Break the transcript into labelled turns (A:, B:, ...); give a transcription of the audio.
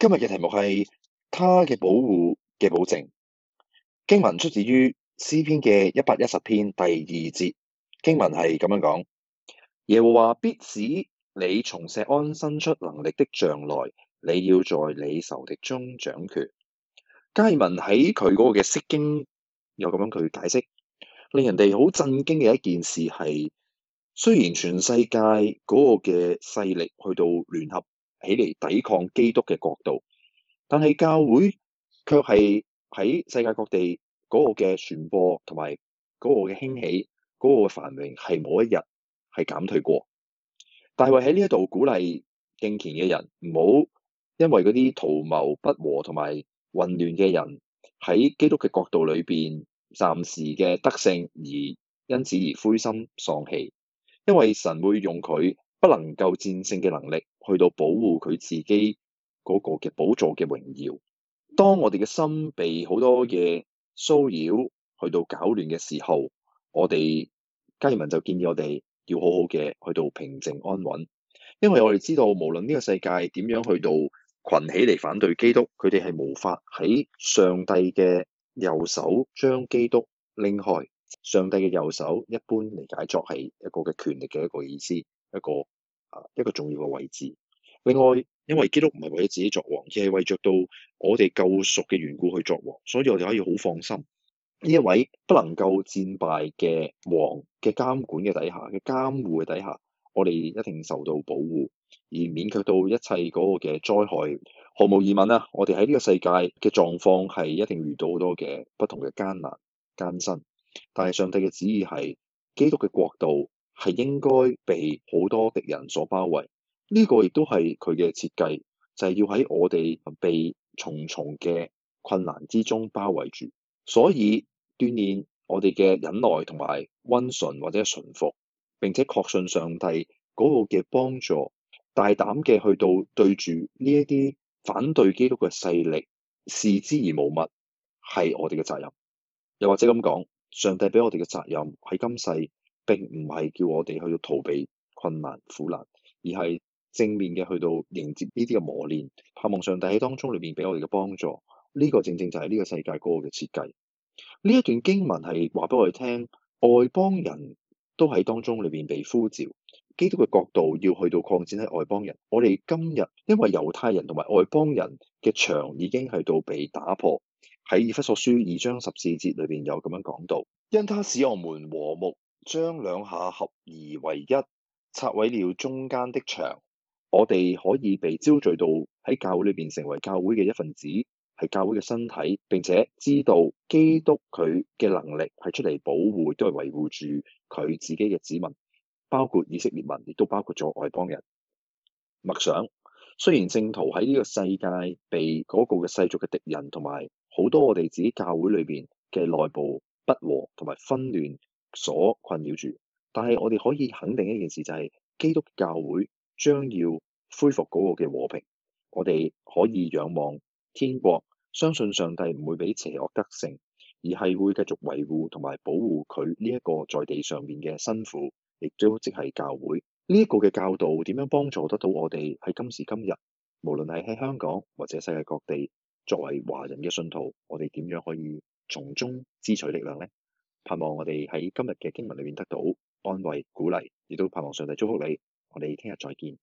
A: 今日嘅題目係他嘅保護嘅保證。經文出自於詩篇嘅一百一十篇第二節。經文係咁樣講：耶和華必使你從錫安伸出能力的杖來，你要在你仇敵中掌權。佳文喺佢嗰個嘅釋經又咁樣去解釋，令人哋好震驚嘅一件事係，雖然全世界嗰個嘅勢力去到聯合。起嚟抵抗基督嘅國度，但係教會卻係喺世界各地嗰個嘅傳播同埋嗰個嘅興起、嗰、那個繁榮係冇一日係減退過。大衛喺呢一度鼓勵敬虔嘅人，唔好因為嗰啲圖謀不和同埋混亂嘅人喺基督嘅國度裏邊暫時嘅得勝而因此而灰心喪氣，因為神會用佢不能夠戰勝嘅能力。去到保護佢自己嗰個嘅寶座嘅榮耀。當我哋嘅心被好多嘢騷擾，去到搞亂嘅時候，我哋嘉爾文就建議我哋要好好嘅去到平靜安穩，因為我哋知道無論呢個世界點樣去到群起嚟反對基督，佢哋係無法喺上帝嘅右手將基督拎開。上帝嘅右手一般嚟解作係一個嘅權力嘅一個意思，一個。啊，一個重要嘅位置。另外，因為基督唔係為咗自己作王，而係為着到我哋救贖嘅緣故去作王，所以我哋可以好放心，呢一位不能夠戰敗嘅王嘅監管嘅底下嘅監護嘅底下，我哋一定受到保護，而免卻到一切嗰個嘅災害。毫無疑問啦、啊，我哋喺呢個世界嘅狀況係一定遇到好多嘅不同嘅艱難艱辛。但係上帝嘅旨意係基督嘅國度。係應該被好多敵人所包圍，呢、這個亦都係佢嘅設計，就係、是、要喺我哋被重重嘅困難之中包圍住。所以鍛煉我哋嘅忍耐同埋溫順或者順服，並且確信上帝嗰個嘅幫助，大膽嘅去到對住呢一啲反對基督嘅勢力，視之而無物，係我哋嘅責任。又或者咁講，上帝俾我哋嘅責任喺今世。並唔係叫我哋去到逃避困難苦難，而係正面嘅去到迎接呢啲嘅磨練，盼望上帝喺當中裏邊俾我哋嘅幫助。呢、這個正正就係呢個世界歌嘅設計。呢一段經文係話俾我哋聽，外邦人都喺當中裏邊被呼召，基督嘅國度要去到擴展喺外邦人。我哋今日因為猶太人同埋外邦人嘅牆已經係到被打破，喺以弗所書二章十四節裏邊有咁樣講到：「因他使我們和睦。將兩下合而為一，拆毀了中間的牆。我哋可以被招聚到喺教會裏邊成為教會嘅一份子，係教會嘅身體。並且知道基督佢嘅能力係出嚟保護，都係維護住佢自己嘅子民，包括以色列民，亦都包括咗外邦人。默想，雖然信徒喺呢個世界被嗰個嘅世俗嘅敵人同埋好多我哋自己教會裏邊嘅內部不和同埋紛亂，所困擾住，但係我哋可以肯定一件事，就是，就係基督教會將要恢復嗰個嘅和平。我哋可以仰望天國，相信上帝唔會俾邪惡得勝，而係會繼續維護同埋保護佢呢一個在地上面嘅新婦，亦都即係教會呢一，這個嘅教導，點樣幫助得到我哋喺今時今日，無論係喺香港或者世界各地，作為華人嘅信徒，我哋點樣可以從中支取力量呢？盼望我哋喺今日嘅經文裏面得到安慰、鼓勵，亦都盼望上帝祝福你。我哋聽日再見。